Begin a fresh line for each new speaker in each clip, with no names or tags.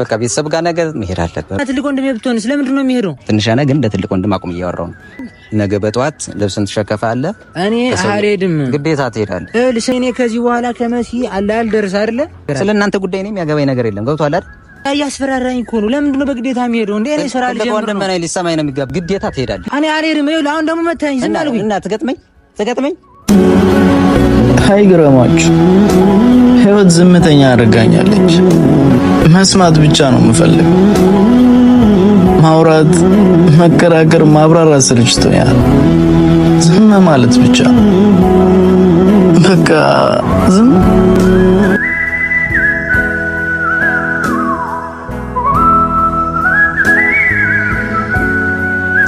በቃ ቤተሰብ ጋር ነገ መሄድ አለበት።
ትልቅ ወንድም ብትሆን ስለምንድን ነው የሚሄደው?
ትንሽ ነህ ግን እንደ ትልቅ ወንድም አቁም እያወራው ነው። ነገ በጠዋት ልብስን ትሸከፋለህ።
እኔ አልሄድም፣
ግዴታ ትሄዳለህ።
እኔ ከዚህ በኋላ ከመሲ አላል ደርስ አይደለ?
ስለ እናንተ ጉዳይ እኔ የሚያገባኝ ነገር የለም። ገብቶሃል አይደል?
እያስፈራራኝ እኮ ነው። ለምንድን ነው በግዴታ የሚሄደው? እንደ እኔ ስራ ልጀምር ነው። ወንድምህን
አይደል ሊሰማኝ ነው የሚገባ። ግዴታ ትሄዳለህ።
እኔ አልሄድም። ይኸውልህ አሁን ደግሞ መታኝ። ዝም አልኩኝ
እና ትገጥመኝ ትገጥመኝ።
አይገርማችሁ፣ ህይወት ዝምተኛ አድርጋኛለች። መስማት ብቻ ነው የምፈልገው። ማውራት፣ መከራከር፣ ማብራራት ስልችቶኛል። ዝም ማለት ብቻ በቃ ዝም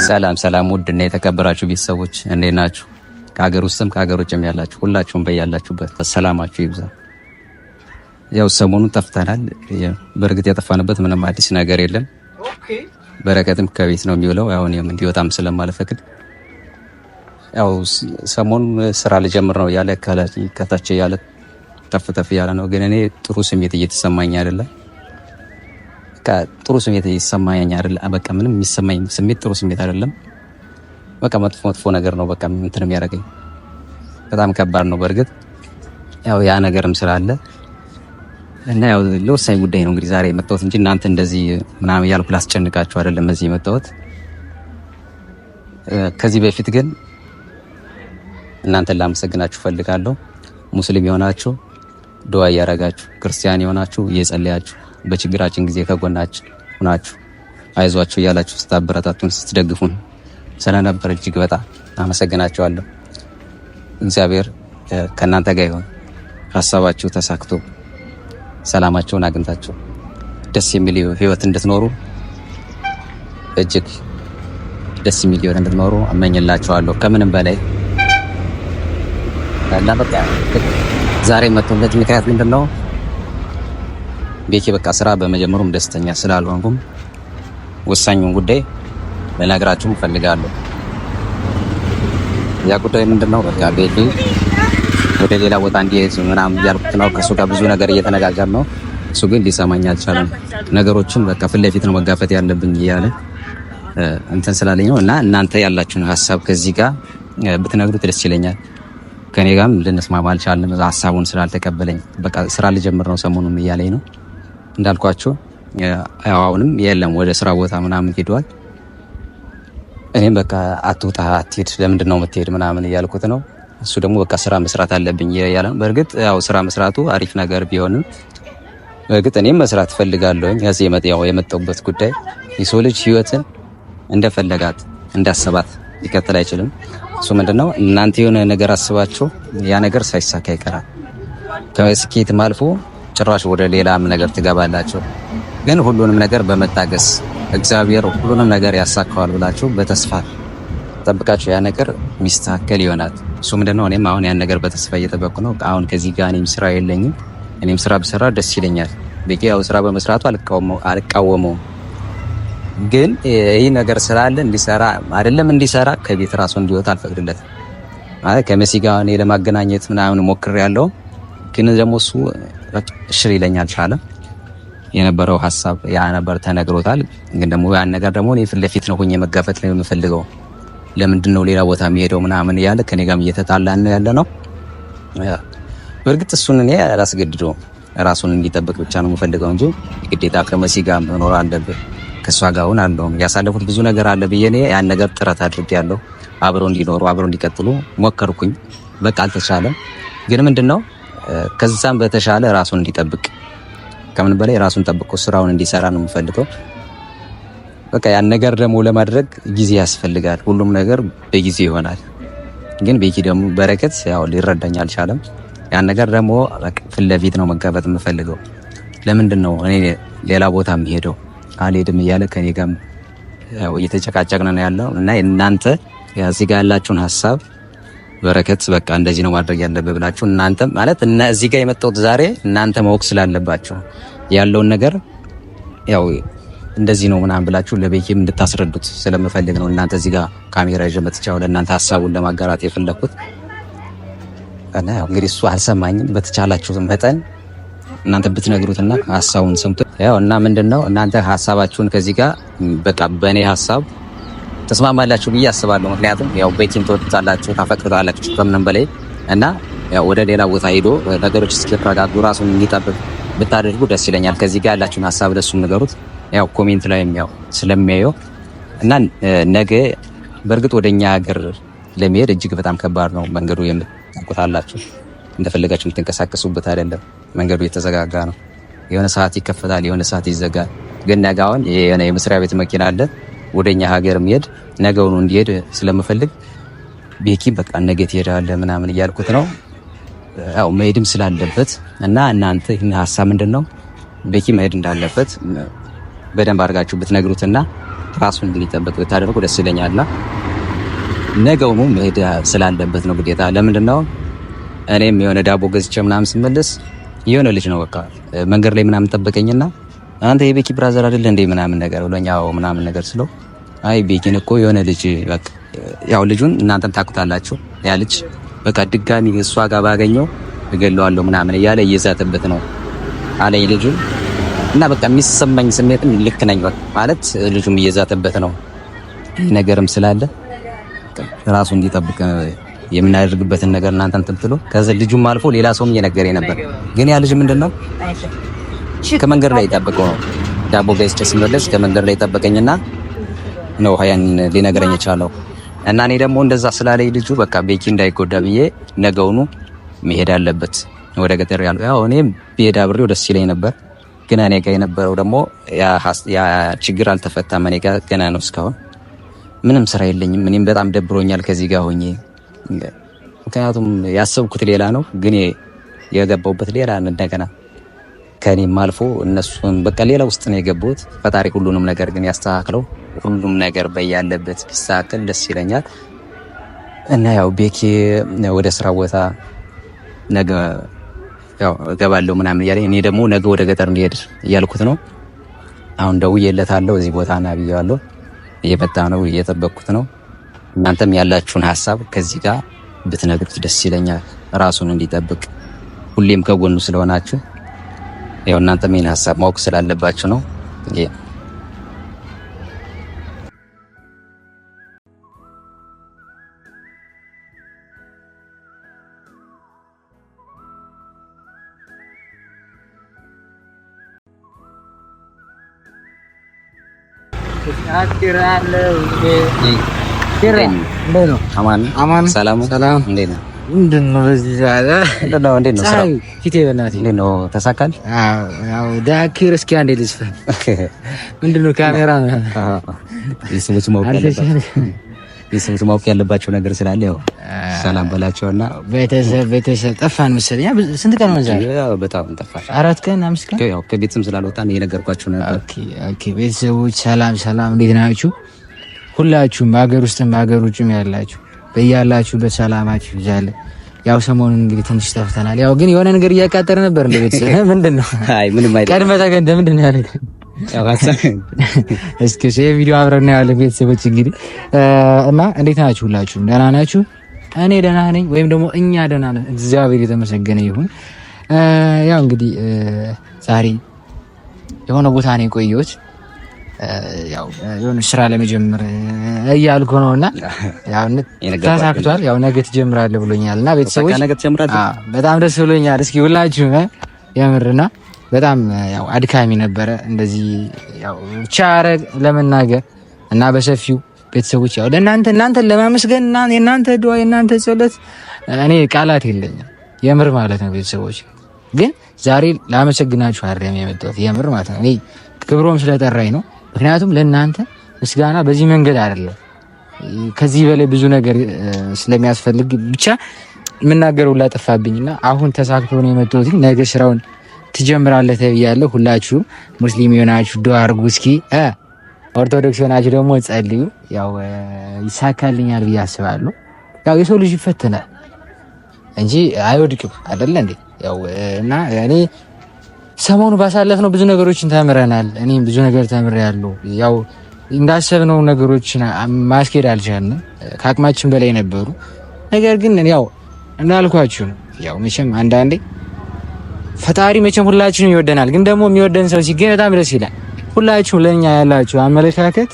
ሰላም ሰላም፣ ውድ እና የተከበራችሁ ቤተሰቦች እንዴት ናችሁ? ከሀገር ውስጥም ከሀገር ውጭም ያላችሁ ሁላችሁም በያላችሁበት ሰላማችሁ ይብዛ። ያው ሰሞኑን ጠፍተናል። በእርግጥ የጠፋንበት ምንም አዲስ ነገር የለም። በረከትም ከቤት ነው የሚውለው። አሁን እንዲወጣም ስለማልፈቅድ ያው ሰሞኑን ስራ ልጀምር ነው ያለ ከታች ያለ ተፍተፍ ያለ ነው። ግን እኔ ጥሩ ስሜት እየተሰማኝ አይደለም በቃ ጥሩ ስሜት ይሰማኝ አይደል? በቃ ምንም የሚሰማኝ ስሜት ጥሩ ስሜት አይደለም። በቃ መጥፎ መጥፎ ነገር ነው በቃ እንትን የሚያደርገኝ በጣም ከባድ ነው። በእርግጥ ያው ያ ነገርም ስላለ እና ያው ለወሳኝ ጉዳይ ነው እንግዲህ ዛሬ የመጣሁት እንጂ እናንተ እንደዚህ ምናምን እያልኩ ላስጨንቃችሁ አይደለም እዚህ የመጣሁት። ከዚህ በፊት ግን እናንተን ላመሰግናችሁ ፈልጋለሁ። ሙስሊም የሆናችሁ ዱዓ እያረጋችሁ፣ ክርስቲያን የሆናችሁ እየጸለያችሁ በችግራችን ጊዜ ከጎናችን ሁናችሁ አይዟችሁ እያላችሁ ስታበረታቱን ስትደግፉን ስለነበር እጅግ በጣም አመሰግናችኋለሁ። እግዚአብሔር ከእናንተ ጋር ይሆን። ሀሳባችሁ ተሳክቶ ሰላማቸውን አግኝታችሁ ደስ የሚል ህይወት እንድትኖሩ እጅግ ደስ የሚል ህይወት እንድትኖሩ እመኝላችኋለሁ። ከምንም በላይ ዛሬ መጥቶለት ምክንያት ምንድን ነው? ቤቴ በቃ ስራ በመጀመሩም ደስተኛ ስላልሆንኩም ወሳኙን ጉዳይ ልነግራችሁ እፈልጋለሁ። ያ ጉዳይ ምንድን ነው? በቃ ቤቴ ወደ ሌላ ቦታ እንዲሄድ ምናምን እያልኩት ነው። ከእሱ ጋር ብዙ ነገር እየተነጋገር ነው። እሱ ግን ሊሰማኝ አልቻለም። ነገሮችን በቃ ፊት ለፊት ነው መጋፈት ያለብኝ እያለ እንትን ስላለኝ ነው እና እናንተ ያላችሁን ሀሳብ ከዚህ ጋር ብትነግሩት ደስ ይለኛል። ከኔ ጋርም ልንስማማ አልቻለም። ሀሳቡን ስላልተቀበለኝ በቃ ስራ ልጀምር ነው ሰሞኑን እያለኝ ነው። እንዳልኳቸው አሁንም የለም ወደ ስራ ቦታ ምናምን ሄደዋል። እኔም በቃ አትውጣ አትሄድ፣ ለምንድን ነው የምትሄድ ምናምን እያልኩት ነው። እሱ ደግሞ በቃ ስራ መስራት አለብኝ ያለ። በእርግጥ ያው ስራ መስራቱ አሪፍ ነገር ቢሆንም በእርግጥ እኔም መስራት ፈልጋለሁኝ። ከዚህ ያው የመጣሁበት ጉዳይ የሰው ልጅ ህይወትን እንደፈለጋት እንዳሰባት ሊከተል አይችልም። እሱ ምንድነው እናንተ የሆነ ነገር አስባችሁ ያ ነገር ሳይሳካ ይቀራል ከስኬትም አልፎ ጭራሽ ወደ ሌላም ነገር ትገባላችሁ። ግን ሁሉንም ነገር በመታገስ እግዚአብሔር ሁሉንም ነገር ያሳካዋል ብላችሁ በተስፋ ጠብቃችሁ ያ ነገር ሚስተካከል ይሆናል። እሱ ምንድነው? እኔም አሁን ያን ነገር በተስፋ እየጠበቅኩ ነው። አሁን ከዚህ ጋር እኔም ስራ የለኝም። እኔም ስራ ብሰራ ደስ ይለኛል። ቤቄ ያው ስራ በመስራቱ አልቃወመውም። ግን ይህ ነገር ስላለ እንዲሰራ አይደለም እንዲሰራ ከቤት ራሱ እንዲወጣ አልፈቅድለትም። ከመሲ ጋር እኔ ለማገናኘት ምናምን ሞክር ያለው ግን ደግሞ እሱ እሽር ይለኝ አልቻለም። የነበረው ሀሳብ ያ ነበር ተነግሮታል። ግን ደግሞ ያን ነገር ደግሞ እኔ ፊት ለፊት ነው ሆኜ መጋፈጥ ነው የምፈልገው። ለምንድን ነው ሌላ ቦታ የሚሄደው ምናምን እያለ ከኔ እየተጣላ እየተጣላን ያለ ነው። በእርግጥ እሱን እኔ አላስገድደውም። ራሱን እንዲጠብቅ ብቻ ነው የምፈልገው እንጂ ግዴታ ከመሲ ጋር መኖር አለብህ ከእሷ ጋር አሁን አለውም ያሳለፉት ብዙ ነገር አለ ብዬ እኔ ያን ነገር ጥረት አድርጌ ያለው አብረው እንዲኖሩ አብረው እንዲቀጥሉ ሞከርኩኝ። በቃ አልተቻለም። ግን ምንድን ነው ከዛም በተሻለ ራሱን እንዲጠብቅ ከምን በላይ ራሱን ጠብቆ ስራውን እንዲሰራ ነው የምፈልገው። በቃ ያን ነገር ደግሞ ለማድረግ ጊዜ ያስፈልጋል። ሁሉም ነገር በጊዜ ይሆናል። ግን ቤኪ ደግሞ በረከት ያው ሊረዳኝ አልቻለም። ያን ነገር ደግሞ ፊት ለፊት ነው መጋፈጥ የምፈልገው። ለምንድን ነው እኔ ሌላ ቦታ የምሄደው አልሄድም እያለ ከኔ ጋር እየተጨቃጨቅን ነው ያለው እና እናንተ እዚህ ጋር ያላችሁን ሀሳብ በረከት በቃ እንደዚህ ነው ማድረግ ያለብህ ብላችሁ እናንተ ማለት እና እዚህ ጋር የመጣሁት ዛሬ እናንተ ማወቅ ስላለባችሁ ያለውን ነገር ያው እንደዚህ ነው ምናምን ብላችሁ ለቤኪም እንድታስረዱት ስለምፈልግ ነው። እናንተ እዚህ ጋር ካሜራ ይዤ ለእናንተ ሀሳቡን ለማጋራት የፈለኩት እና ያው እንግዲህ እሱ አልሰማኝም። በተቻላችሁ መጠን እናንተ ብትነግሩትና ሀሳቡን ሰምቶ ያው እና ምንድነው እናንተ ሀሳባችሁን ከዚህ ጋር በቃ በእኔ ሀሳብ ተስማማላችሁ ብዬ አስባለሁ። ምክንያቱም ያው ቤኪን ትወዱታላችሁ፣ ታፈቅሩታላችሁ ከምንም በላይ እና ያው ወደ ሌላ ቦታ ሄዶ ነገሮች እስኪረጋጉ ራሱን እንዲጠብቅ ብታደርጉ ደስ ይለኛል። ከዚህ ጋር ያላችሁን ሀሳብ ለሱ ንገሩት። ያው ኮሜንት ላይ ያው ስለሚያየው እና ነገ በእርግጥ ወደኛ ሀገር ለመሄድ እጅግ በጣም ከባድ ነው መንገዱ። የምታውቁታላችሁ እንደፈለጋችሁ የምትንቀሳቀሱበት አይደለም። መንገዱ የተዘጋጋ ነው። የሆነ ሰዓት ይከፈታል፣ የሆነ ሰዓት ይዘጋል። ግን ነገ አሁን የሆነ የመስሪያ ቤት መኪና አለ ወደኛ ሀገር የሚሄድ ነገውኑ እንዲሄድ ስለምፈልግ ቤኪ በቃ ነገ ትሄዳለህ ምናምን እያልኩት ነው። ያው መሄድም ስላለበት እና እናንተ ይህን ሀሳብ ምንድን ነው ቤኪ መሄድ እንዳለበት በደንብ አድርጋችሁ ብትነግሩትና ራሱን እንዲጠበቅ ብታደርጉ ደስ ይለኛልና ነገውኑ መሄድ ስላለበት ነው ግዴታ። ለምንድን ነው እኔም የሆነ ዳቦ ገዝቼ ምናምን ስመለስ የሆነ ልጅ ነው በቃ መንገድ ላይ ምናምን ጠበቀኝና አንተ የቤኪ ብራዘር አይደለ እንዴ ምናምን ነገር ብሎኛው ምናምን ነገር ስለው አይ ቤኪን እኮ የሆነ ልጅ በቃ ያው ልጁን እናንተም ታውቁታላችሁ። ያ ልጅ በቃ ድጋሚ እሷ ጋር ባገኘው እገለዋለሁ ምናምን እያለ እየዛተበት ነው አለኝ ልጁን እና በቃ የሚሰማኝ ስሜትም ልክ ነኝ ማለት ልጁም እየዛተበት ነው። ይህ ነገርም ስላለ ራሱ እንዲጠብቅ የምናደርግበትን ነገር እናንተን ትምትሉ ከዚህ ልጁም አልፎ ሌላ ሰውም እየነገረ ነበር። ግን ያ ልጅ ምንድን ነው ከመንገድ ላይ የጠበቀው ነው ዳቦ ጋይስ ጭስ ከመንገድ ላይ የጠበቀኝና ነው ሀያን ሊነግረኝ የቻለው እና እኔ ደግሞ እንደዛ ስላለኝ ልጁ በቃ ቤኪ እንዳይጎዳ ብዬ ነገውኑ መሄድ አለበት ወደ ገጠር ያሉ ያው እኔም ብሄድ አብሬው ደስ ይለኝ ነበር፣ ግን እኔ ጋ የነበረው ደግሞ ያ ችግር አልተፈታም። እኔ ጋ ገና ነው እስካሁን ምንም ስራ የለኝም። እኔም በጣም ደብሮኛል ከዚህ ጋር ሆኜ፣ ምክንያቱም ያሰብኩት ሌላ ነው፣ ግን የገባውበት ሌላ እንደገና ከእኔም አልፎ እነሱን በቃ ሌላ ውስጥ ነው የገቡት። ፈጣሪ ሁሉንም ነገር ግን ያስተካክለው። ሁሉም ነገር በያለበት ቢስተካከል ደስ ይለኛል እና ያው ቤኪ ወደ ስራ ቦታ ነገ ያው እገባለሁ ምናምን እያለ እኔ ደግሞ ነገ ወደ ገጠር እንሄድ እያልኩት ነው። አሁን ደውዬለታለሁ። እዚህ ቦታ ና ብያዋለሁ። እየመጣ ነው፣ እየጠበቅኩት ነው። እናንተም ያላችሁን ሀሳብ ከዚህ ጋር ብትነግሩት ደስ ይለኛል። ራሱን እንዲጠብቅ ሁሌም ከጎኑ ስለሆናችሁ ያው እናንተ ምን ሀሳብ ማወቅ ስላለባችሁ ነው። አማን ሰላም ሰላም፣
እንዴት ነው? ምንድን ነው በዚህ
ነው? እንዴት ነው ስራው? ፊቴ በእናትህ እንዴት ነው ተሳካል?
አዎ እስኪ አንዴ ምንድን ነው ካሜራ
ነው ማወቅ ያለባቸው ነገር ስላለ ያው ሰላም በላቸውና
ቤተሰብ ቤተሰብ ጠፋን መሰለኝ። ስንት ቀን ነው በጣም አራት ቀን አምስት ቀን
ያው ከቤትም ስላልወጣን ነበር።
ቤተሰቦች ሰላም ሰላም፣ እንዴት ናችሁ? ሁላችሁም በሀገር ውስጥም በሀገር ውጭም ያላችሁ በያላችሁ በሰላማችሁ ይዛል። ያው ሰሞኑን እንግዲህ ትንሽ ጠፍተናል። ያው ግን የሆነ ነገር እያቃጠረ ነበር እንደ ቤተሰብ ምንድን ነው? አይ ምንም አይደለም። ቀድመ ተገንደ ምንድን ነው ያለ ያው ሀሳብ እስኪ ሼር ቪዲዮ አብረን ነው ያለ ቤተሰቦች እንግዲህ እና እንዴት ናችሁ? ሁላችሁም ደህና ናችሁ? እኔ ደህና ነኝ፣ ወይም ደግሞ እኛ ደህና ነን። እግዚአብሔር የተመሰገነ ይሁን። ያው እንግዲህ ዛሬ የሆነ ቦታ ነው የቆየሁት የሆነ ስራ ለመጀመር እያልኩ ነው እና ተሳክቷል። ያው ነገ ትጀምራለህ ብሎኛል እና ቤተሰቦች በጣም ደስ ብሎኛል። እስኪ ሁላችሁ የምርና በጣም ያው አድካሚ ነበረ እንደዚህ ቻረ ለመናገር እና በሰፊው ቤተሰቦች ያው ለእናንተ እናንተን ለማመስገን የእናንተ ድዋ የእናንተ ጸሎት እኔ ቃላት የለኝም የምር ማለት ነው። ቤተሰቦች ግን ዛሬ ላመሰግናችሁ አይደለም የመጣሁት የምር ማለት ነው። እኔ ክብሮም ስለጠራኝ ነው ምክንያቱም ለእናንተ ምስጋና በዚህ መንገድ አይደለም። ከዚህ በላይ ብዙ ነገር ስለሚያስፈልግ ብቻ የምናገር ላጠፋብኝ ጠፋብኝና አሁን ተሳክቶ ነው የመጣሁት። ነገ ስራውን ትጀምራለህ ተብያለሁ። ሁላችሁ ሙስሊም የሆናችሁ ዱአ አድርጉ። እስኪ ኦርቶዶክስ የሆናችሁ ደግሞ ጸልዩ። ያው ይሳካልኛል ብዬ አስባለሁ። ያው የሰው ልጅ ይፈትናል እንጂ አይወድቅም አይደለ እንዴ? ያው እና እኔ ሰሞኑ ነው ብዙ ነገሮችን ተምረናል። እኔም ብዙ ነገር ተምሬያለሁ። ያው እንዳሰብነው ነገሮችን ማስኬድ አልቻልንም፣ ከአቅማችን በላይ ነበሩ። ነገር ግን ያው እንዳልኳችሁ ነው። ያው መቼም አንዳንዴ ፈጣሪ መቼም ሁላችንም ይወደናል። ግን ደግሞ የሚወደን ሰው ሲገኝ በጣም ደስ ይላል። ሁላችሁም ለእኛ ያላችሁ አመለካከት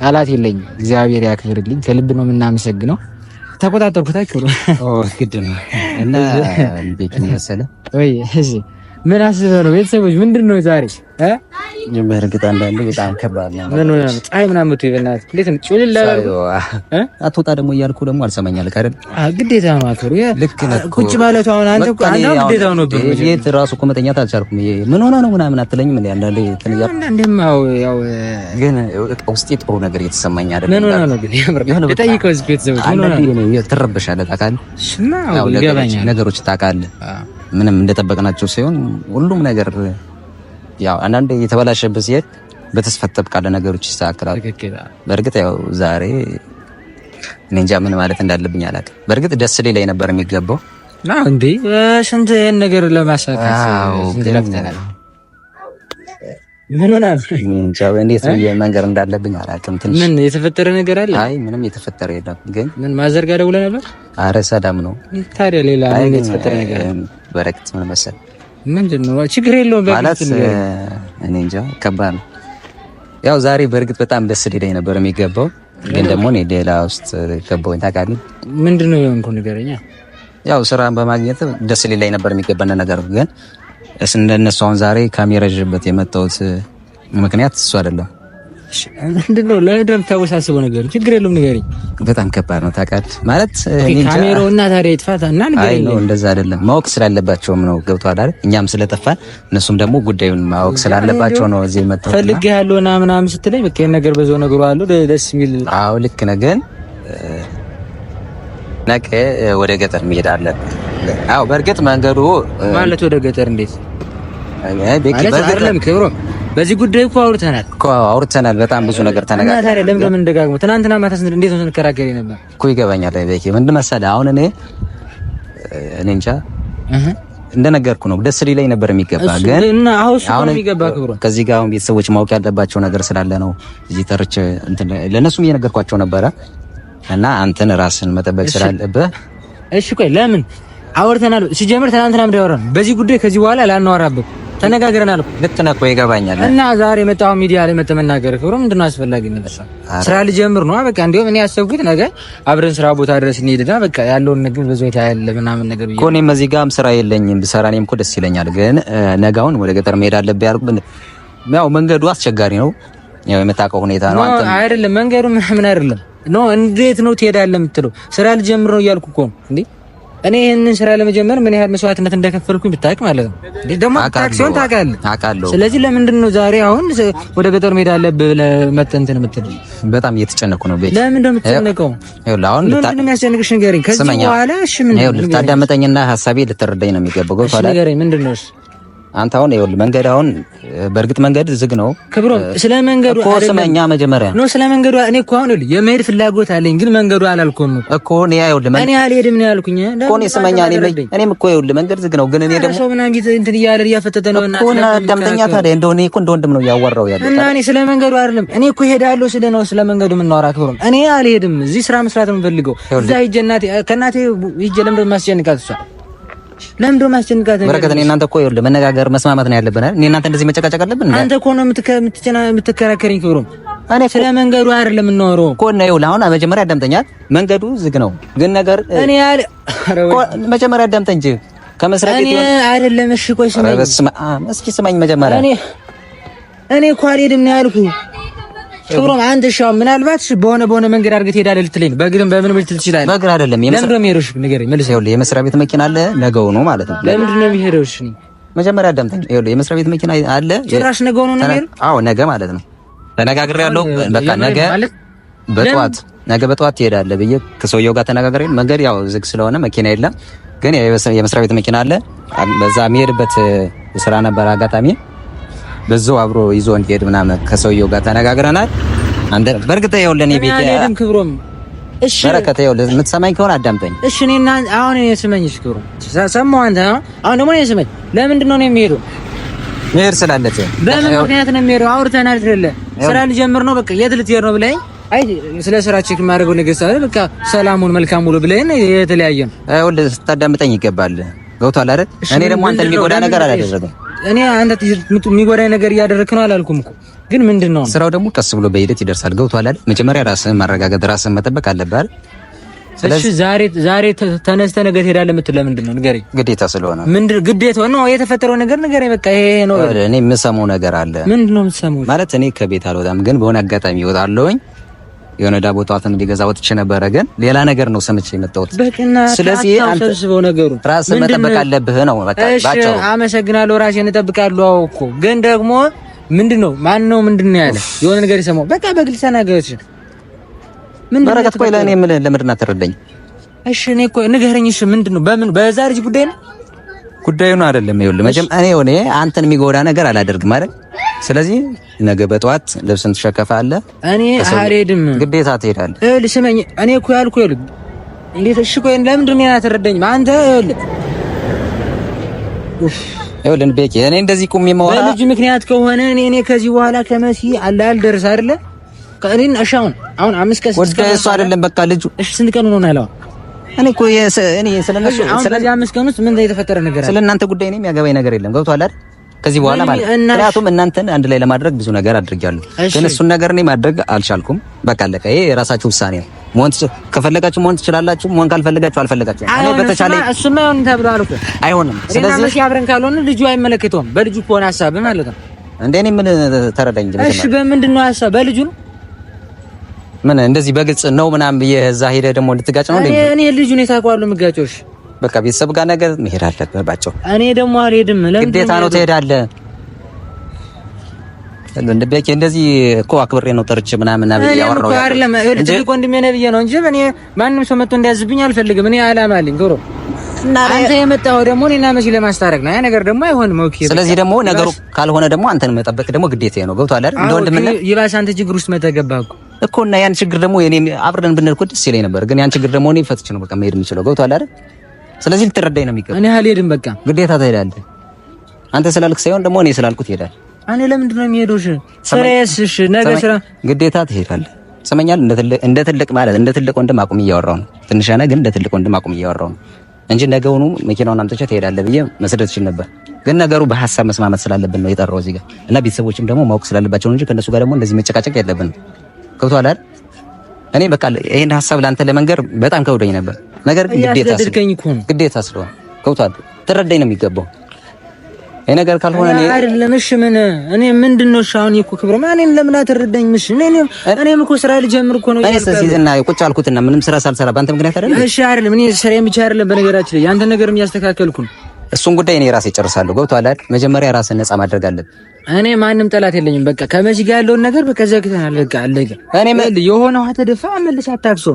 ቃላት የለኝም። እግዚአብሔር ያክብርልኝ። ከልብ ነው የምናመሰግነው። ተቆጣጠርኩታችሁ
ግድ ነው እና መሰለ
ወይ እዚህ ምን አስበህ ነው? ቤተሰቦች ምንድን ነው ዛሬ?
በእርግጥ አንዳንዴ በጣም ከባድ
ነው። ምን ሆነህ ነው? ፀሐይ ምናምን የምትውይ በእናትህ እንዴት ነው? ጭውልል
አትወጣ ደግሞ እያልኩ ደግሞ አልሰማኝ አልክ አይደል?
ግዴታ ነው አትሩ ቁጭ ማለቱ አሁን አንተ ግዴታ ነው።
የት እራሱ እኮ መተኛት አልቻልኩም። ምን ሆነህ ነው ምናምን አትለኝም እንደ አንዳንዴ ግን ውስጤ ጥሩ ነገር እየተሰማኝ
አይደለም። ምን ሆነህ ነው ግን የምር ቤተሰቦች ትረበሻለህ፣ ታውቃለህ
ነገሮች ታውቃለህ ምንም እንደጠበቅናቸው ሳይሆን ሁሉም ነገር ያው አንዳንድ የተበላሸበት ሲሄድ በተስፈጠብ ቃለ ነገሮች ይስተካከላል። በእርግጥ ያው ዛሬ እኔ እንጃ ምን ማለት እንዳለብኝ አላውቅም። በእርግጥ ደስ ሌላ ነበር የሚገባው
እንዴ ስንት ነገር
ለማሳካት እንዴት መንገር እንዳለብኝ አላውቅም። ትንሽ
ምን የተፈጠረ ነገር አለ?
አይ ምንም የተፈጠረ የለም። ግን
ምን ማዘር ጋር ደውለህ ነበር?
አረ ሰላም ነው። ታዲያ ሌላ ምን የተፈጠረ ነገር? በረከት ምን መሰለህ፣
ምንድን ነው ችግር የለውም
ማለት እኔ እንጃ፣ ከባድ ነው። ያው ዛሬ በእርግጥ በጣም ደስ ሊለኝ ነበር የሚገባው፣ ግን ደግሞ እኔ ሌላ ውስጥ ገባሁኝ። ታውቃለህ
ምንድን ነው የሆንኩት? ንገረኛ።
ያው ስራን በማግኘት ደስ ሊለኝ ነበር የሚገባን ነገር ግን እንደነሱ አሁን ዛሬ ካሜራ ይዤበት የመጣሁት ምክንያት እሱ አይደለም።
ምንድነው? ለምንድነው የምታወሳስበው ነገር? ችግር የለውም ንገሪኝ።
በጣም ከባድ ነው ታውቃለህ። ማለት
ካሜራው እና ታዲያ ይጥፋታ እና ንገሪኝ
ነው። እንደዛ አይደለም ማወቅ ስላለባቸውም ነው። ገብቷል አይደል? እኛም ስለጠፋን እነሱም ደግሞ ጉዳዩን ማወቅ ስላለባቸው ነው እዚህ መጣሁ።
ፈልጌሃለሁ እና ምናምን ስትለኝ በቃ ይሄን ነገር በዛው ነገሩ አለው ደስ የሚል
አዎ፣ ልክ ነህ ግን ነገ ወደ ገጠር መሄድ አለብን። አዎ በእርግጥ መንገዱ
ማለት ወደ ገጠር እንዴት አይደለም ክብሮ፣ በዚህ ጉዳይ እኮ አውርተናል
እኮ አውርተናል። በጣም ብዙ ነገር ተነጋግረን
ታዲያ ለምን ለምን ደጋግሞ ትናንትና ማታ እንዴት ነው ስንከራከር ነበር
እኮ ይገባኛል። ቤኪ ምን መሰለህ አሁን እኔ እኔ እንጃ እንደነገርኩ ነው ደስ ሊለኝ ነበር የሚገባ ግን
እና አሁን ነው የሚገባ ክብሮ
ከዚህ ጋር አሁን ቤተሰቦች ማወቅ ያለባቸው ነገር ስላለ ነው እዚህ ጠርቼ እንትን ለእነሱም እየነገርኳቸው ነበረ እና አንተን ራስን መጠበቅ ስላለብህ
እሺ። ቆይ ለምን አወርተናል? ሲጀምር ትናንትና ምዳወራን በዚህ ጉዳይ ከዚህ በኋላ ላናወራበት ተነጋግረናል።
ልክ ነህ እኮ ይገባኛል።
እና ዛሬ የመጣው ሚዲያ ላይ መጥተህ መናገር ክብሩ ምንድን ነው አስፈላጊ ነገር ስራ ልጀምር ነው በቃ። እንዲሁም እኔ ያሰብኩት ነገ አብረን ስራ ቦታ ድረስ እንሄድና በቃ ያለውን ነገር በዛው ያለ ምናምን ነገር
ብዬ እኮ እኔም እዚህ ጋርም ስራ የለኝም ብሰራ እኔም እኮ ደስ ይለኛል። ግን ነጋውን ወደ ገጠር መሄድ አለብህ ያልኩህ ያው መንገዱ አስቸጋሪ ነው ያው የምታውቀው ሁኔታ ነው።
አንተ አይደለም መንገዱ ምናምን አይደለም። ኖ እንዴት ነው ትሄዳለህ የምትለው? ስራ ልጀምር ነው እያልኩ እኮ ነው እንዴ። እኔ ይህንን ስራ ለመጀመር ምን ያህል መስዋዕትነት እንደከፈልኩኝ ብታውቅ ማለት ነው። ደግሞ ታክሲውን ታውቃለህ። ስለዚህ ለምንድን ነው ዛሬ አሁን ወደ ገጠር መሄድ አለብህ መተህ እንትን የምትለው?
በጣም እየተጨነኩ ነው። ቤት
ለምን እንደምትጨነቀው ይኸውልህ። አሁን ለምን የሚያስጨንቅሽ ንገረኝ። ከዚህ በኋላ እሺ፣ ምን
ይኸውልህ፣ ልታዳመጠኝና ሀሳቤ ልትረዳኝ ነው የሚገባው።
ጎፋዳ ንገረኝ፣ ምንድን ነው እሱ
አንተ አሁን ይኸውልህ መንገድ አሁን በእርግጥ መንገድ ዝግ ነው።
ክብሮ ስለ መንገዱ
እኮ ስመኛ መጀመሪያ
ነው። ስለ መንገዱ እኔ እኮ አሁን ይኸውልህ የመሄድ ፍላጎት አለኝ፣ ግን መንገዱ አላልኩም
እኮ እኔ ይኸውልህ
እኔ አልሄድም ነው ያልኩኝ
እኮ እኔ ስመኛ ነኝ። እኔም እኮ ይኸውልህ መንገድ ዝግ ነው፣
ግን እኔ ደግሞ ሰው ምናምን እንትን እያለ እያፈተተ
ነው እኮ እና ደምተኛ ታዲያ እንደው እኔ እኮ እንደ ወንድም ነው እያወራሁ ያለው
እና እኔ ስለ መንገዱ አይደለም እኔ እኮ እሄዳለሁ ስለ ነው ስለ መንገዱ የምናወራ ክብሮ። እኔ አልሄድም፣ እዚህ ስራ መስራት ነው የምፈልገው። እዛ ሂጅ እናቴ ከእናቴ ሂጅ ለምንድን ነው እሷ ለምን ደው ማስጨንቃት ነገር
በረከት፣ እኔ እናንተ እኮ ይኸውልህ መነጋገር መስማማት ነው ያለብን አይደል? እኔ እናንተ እንደዚህ መጨቃጨቅ አለብን?
አንተ እኮ ነው የምትከራከረኝ። ክብሩም እኔ ስለ መንገዱ አይደለም የምናወራው እኮ
ነው። ይኸውልህ አሁን መጀመሪያ አዳምጠኛል። መንገዱ ዝግ ነው ግን ነገር እኔ ያለ መጀመሪያ አዳምጠኝ እንጂ ከመስራት
እኔ አይደለም። እሺ ቆይ
ስማኝ፣ እስኪ ስማኝ መጀመሪያ። እኔ
እኔ እኮ አልሄድም ነው ያልኩህ ጥሩም አንድ ሻው ምናልባት በሆነ በሆነ መንገድ አድርገህ ትሄዳለህ ልትለኝ ነው። በእግርም በምን ብል ትችላለህ። በእግር አይደለም። መልስ።
የመስሪያ ቤት መኪና አለ፣ ነገው ነው ማለት ነው።
ለምንድን ነው የሚሄደው?
መጀመሪያ አዳምጠኝ። ይኸውልህ የመስሪያ ቤት መኪና አለ፣
ጭራሽ ነገው ነው ነገር?
አዎ ነገ ማለት ነው። ያለው በቃ ነገ በጠዋት ነገ በጠዋት ትሄዳለህ ብዬ ከሰውየው ጋር ተነጋግሬ፣ መንገድ ያው ዝግ ስለሆነ መኪና የለም፣ ግን የመስሪያ ቤት መኪና አለ። በዛ የሚሄድበት ስራ ነበር አጋጣሚ በዛው አብሮ ይዞ እንዲሄድ ምናምን ከሰውየው ጋር ተነጋግረናል። አንደ በርግጠ ይወለን ይቤት አይደለም ክብሮም እሺ፣ በረከተ ይኸውልህ፣ የምትሰማኝ ከሆነ አዳምጠኝ።
እሺ፣ እኔና አሁን እኔ ስመኝ ክብሩ ሰማሁ። አንተ አሁን ደግሞ እኔ ስመኝ። ለምንድን ነው የሚሄዱ
መሄድ ስላለች
በምን ምክንያት ነው የሚሄደው? አውርተናል። ትልለ ስራ ልጀምር ነው በቃ። የት ልትሄድ ነው ብለኝ አይ ስለ ስራ ቼክ የማደርገው ነገር ሳለ በቃ ሰላሙን መልካም ሙሉ ብለኸኝ የተለያየ አይ
ይኸውልህ፣ ስታዳምጠኝ ይገባል። ገብቶሃል አይደል? እኔ ደግሞ አንተ የሚጎዳ ነገር አላደረገም
እኔ አንተ የሚጎዳኝ ነገር እያደረክ ነው አላልኩም እኮ ግን ምንድን ነው
ስራው ደግሞ ቀስ ብሎ በሂደት ይደርሳል። ገብቶሃል አይደል? መጀመሪያ ራስህን ማረጋገጥ፣ ራስህን መጠበቅ አለብህ አይደል?
እሺ ዛሬ ዛሬ ተነስተ ነገ ትሄዳለህ የምትለው ለምንድን ነው ንገረኝ።
ግዴታ ስለሆነ
ምንድን ግዴታ ነው የተፈጠረው ነገር ንገረኝ። በቃ ይሄ ነው
እኔ የምሰማው ነገር አለ።
ምንድን ነው የምሰማው?
ማለት እኔ ከቤት አልወጣም፣ ግን በሆነ አጋጣሚ እወጣለሁኝ የሆነ ዳቦ ጠዋት እንዲገዛ ወጥቼ ነበረ፣ ግን ሌላ ነገር ነው ሰምቼ የመጣሁት። ስለዚህ
አንተ ሰብስበው ነገሩ
ራስህ መጠበቅ አለብህ ነው በቃ። እሺ
አመሰግናለሁ። ራሴን እጠብቃለሁ። አዎ እኮ ግን ደግሞ ምንድን ነው ማን ነው ምንድን ነው ያለ የሆነ ነገር የሰማው በቃ በግልጽ ነገርሽ።
ምን ማረጋት ቆይ ለእኔ ምን ለምንድን አትረዳኝ?
እሺ እኔ እኮ ንገረኝ። እሺ ምንድን ነው በምን በዛ ልጅ ጉዳይ ነው
ጉዳዩ ነው አይደለም። ይኸውልህ መቼም እኔ ሆኔ አንተን የሚጎዳ ነገር አላደርግም አይደል? ስለዚህ ነገ በጠዋት ልብስን ትሸከፋለህ።
እኔ አልሄድም፣
ግዴታ ትሄዳለህ።
እልህ ስመኝ እኔ እኮ ያልኩህ ይኸውልህ፣ እንዴት እሺ፣ ቆይ ለምንድን ነው አትረዳኝም አንተ?
ይኸውልህ ቤኪ፣ እኔ እንደዚህ ቁም የማወራ
በልጅ ምክንያት ከሆነ እኔ እኔ ከዚህ በኋላ ከመሲ አላል ደርስ አይደለ ከእኔን እሺ፣ አሁን አሁን አምስት ቀን
ወድቀ እሱ አይደለም በቃ ልጁ።
እሺ ስንት ቀን ሆኖ ነው ያለው? እኔ እኮ እኔ ስለነሱ ስለዚህ አምስት ቀን ውስጥ ምን የተፈጠረ ነገር አለ?
ስለእናንተ ጉዳይ እኔ የሚያገባኝ ነገር የለም። ገብቶሃል አይደል? ከዚህ በኋላ ማለት ምክንያቱም እናንተን አንድ ላይ ለማድረግ ብዙ ነገር አድርጊያለሁ፣ ግን እሱን ነገር እኔ ማድረግ አልቻልኩም። በቃ አለቀ። ይሄ የራሳችሁ ውሳኔ ነው። መሆን ከፈለጋችሁ መሆን ትችላላችሁ፣ መሆን ካልፈለጋችሁ አልፈለጋችሁ።
እኔ በተቻለ እሱማ ይሁን ተብሏል እኮ አይሆንም። ስለዚህ አብረን ካልሆነ ልጁ አይመለከተውም። በልጁ ከሆነ ሀሳብ ማለት ነው
እንደ እኔ ምን ተረዳኝ።
እሺ በምንድን ነው ሀሳብ በልጁ ነው
ምን እንደዚህ በግልጽ ነው ምናምን ብዬ እዛ ሄደህ ደግሞ ልትጋጭ ነው
እንዴ? እኔ ልጁን የታውቀዋለሁ የምጋጨው። እሺ
በቃ ቤተሰብ ጋር ነገር መሄድ ባጭው
እኔ ደግሞ አልሄድም።
ለምን ግዴታ ነው? ትሄዳለህ። እንደዚህ እኮ አክብሬ ነው ጠርቼ ምናምን
ያወራው ትልቅ ወንድሜ ነው ብዬ ነው እንጂ እኔ ማንም ሰው መጥቶ እንዳያዝብኝ አልፈልግም። እኔ አላማ አለኝ። ጆሮ አንተ የመጣው ደግሞ እኔና መሲ ለማስታረቅ ነው። ያ ነገር ደግሞ አይሆንም። ኦኬ።
ስለዚህ ደግሞ ነገሩ ካልሆነ ደግሞ አንተን መጠበቅ ደግሞ ግዴታ ነው። ገብቶሃል አይደል?
እንደ ወንድምነት ይባስ አንተ ችግር ውስጥ መተገባኩ
እኮ እና ያን ችግር ደግሞ የኔ አብረን ብንል እኮ ደስ ይለኝ ነበር። ግን ያን ችግር ደግሞ እኔ ፈትቼ ነው በቃ መሄድ የምችለው። ገብቶሃል አይደል? ስለዚህ ልትረዳኝ ነው የሚገባው።
እኔ አልሄድም፣ በቃ
ግዴታ ትሄዳለህ። አንተ ስላልክ ሳይሆን ደግሞ እኔ ስላልኩት ይሄዳል።
እኔ ለምንድን ነው የሚሄደው? እሺ ነገ ስራ
ግዴታ ትሄዳለህ። ሰማኛል። እንደ ትልቅ ማለት እንደ ትልቅ ወንድም አቁም እያወራው ነው። ትንሽ ነህ ግን እንደ ትልቅ ወንድም አቁም እያወራው ነው እንጂ ነገውኑ መኪናውን አምጥቼ ትሄዳለህ ብዬ መስደት ይችል ነበር። ግን ነገሩ በሀሳብ መስማመት ስላለብን ነው የጠራው እዚህ ጋር እና ቤተሰቦችም ደግሞ ማወቅ ስላለባቸው እንጂ ከነሱ ጋር ደግሞ እንደዚህ መጨቃጨቅ የለብንም። ገብቶሃል አይደል? እኔ በቃ ይሄን ሀሳብ ለአንተ ለመንገር በጣም ከብዶኝ ነበር። ነገር ግን ግዴታ ስለሆነ ገብቷል። ትረዳኝ ነው የሚገባው። ይሄ ነገር ካልሆነ
እኔ አይደለም። እሺ ምን እኔ ምንድን ነው? እሺ አሁን እኮ ክብር ማኔን ለምን አትረዳኝም? እሺ እኔ እኔም እኮ ስራ ልጀምር እኮ ነው።
እኔ ስለዚህና ቁጭ አልኩትና ምንም ስራ ሳልሰራ በአንተ ምክንያት
አይደለም። እሺ አይደለም። እኔ ስራዬን ብቻ አይደለም፣ በነገራችን ላይ ያንተ ነገርም እያስተካከልኩ ነው።
እሱን ጉዳይ እኔ ራሴ ጨርሳለሁ። ገብቶሃል አይደል? መጀመሪያ ራስን ነፃ ማድረግ አለብን።
እኔ ማንም ጠላት የለኝም። በቃ ከመሲ ጋር ያለውን ነገር በቃ ዘግተናል። በቃ አለቀ። እኔ የሆነ ውሃ ተደፋ መልስ አታክሶ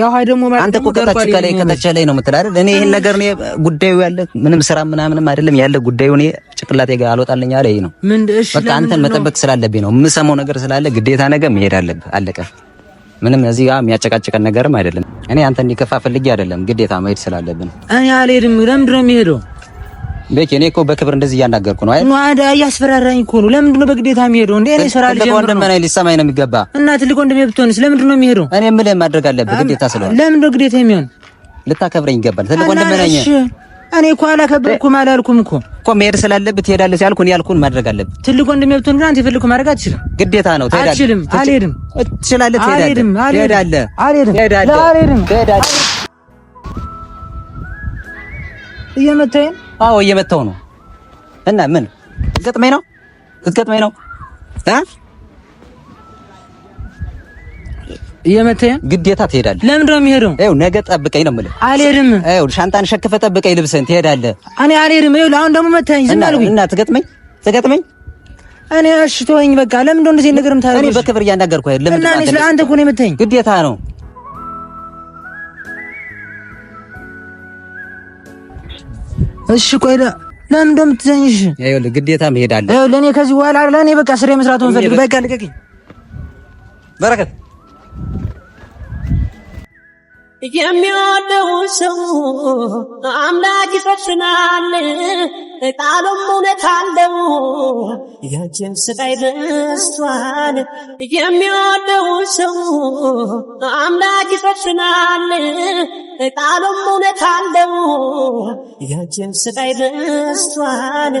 ያው ሃይ ደግሞ
አንተ እኮ ከታች ከላይ ከታች ላይ ነው የምትል አይደል? እኔ ይሄን ነገር ነው ጉዳዩ ያለ ምንም ስራ ምናምንም አይደለም ያለ ጉዳዩ እኔ ጭቅላቴ ጋር አልወጣልኝ አለ ይሄ ነው ምን እሺ፣ በቃ አንተን መጠበቅ ስላለብኝ ነው የምሰማው ነገር ስላለ ግዴታ ነገር መሄድ አለብህ። አለቀ። ምንም እዚህ ጋር የሚያጨቃጭቀን ነገርም አይደለም። እኔ አንተ እንዲከፋ ፈልጌ አይደለም፣ ግዴታ መሄድ ስላለብን
እኔ አልሄድም። ለምንድን ነው የሚሄደው?
ቤኪ እኔ እኮ በክብር እንደዚህ እያናገርኩ ነው
አይደል? ኗዳ እያስፈራራኝ እኮ ነው። ለምንድን ነው በግዴታ የሚሄደው እንዴ? እኔ ስራ ልጀምር ነው። ወንድም
ነኝ ሊሰማኝ ነው የሚገባ።
እና ትልቅ ወንድሜ ብትሆንስ ለምንድን ነው የሚሄደው?
እኔ የምልህ ማድረግ አለብህ ግዴታ ስለሆነ።
ለምንድን ነው ግዴታ የሚሆን?
ልታከብረኝ ይገባል።
ትልቅ ወንድም ነኝ። እኔ እኮ አላከበርኩም አላልኩም እኮ
እኮ መሄድ ስላለብህ ትሄዳለህ ሲያልኩ እኔ ያልኩህን ማድረግ አለብህ።
ትልቅ ወንድሜ ብትሆን ግን አንተ የፈለግኩህ ማድረግ አትችልም። ግዴታ ነው። ትሄዳለህ። አልችልም። አልሄድም።
ትችላለህ። ትሄዳለህ።
ትሄዳለህ። አልሄድም። ትሄዳለህ። ትሄዳለህ። እየመታኝ አዎ እየመታው ነው። እና ምን ገጥመኝ ነው ገጥመኝ ነው እ እየመታኝ ግዴታ ትሄዳለህ። ለምንድን ነው የሚሄደው? ይኸው ነገ ጠብቀኝ ነው የምልህ። አልሄድም። ይኸው ሻንጣን ሸክፈህ ጠብቀኝ፣ ልብስህን ትሄዳለህ። እኔ አልሄድም። ይኸውልህ አሁን ደግሞ መታኝ። ዝም አልኩኝ እና ትገጥመኝ ትገጥመኝ እኔ እሺ ተወኝ፣ በቃ ለምን እንደዚህ ነገርም ምታደርገው? እኔ በክብር እያናገርኩህ አይደል? ለምን አንተ እኮ ነው የመታኝ። ግዴታ ነው እሺ ቆይ ለምን እንደምትዘኝሽ ይኸውልህ፣ ግዴታ መሄድ አለ። ይኸውልህ እኔ ከዚህ በኋላ ለእኔ በቃ ስራ መስራት ፈልግ። በቃ ልቀቅኝ በረከት የሚወደውን ሰው አምላክ ይፈትናል። ቃሉም እውነት አለው። ያንቺም ስቃይ በዝቷል። የሚወደውን ሰው አምላክ ይፈትናል። ቃሉም እውነት አለው። ያንቺም ስቃይ በዝቷል።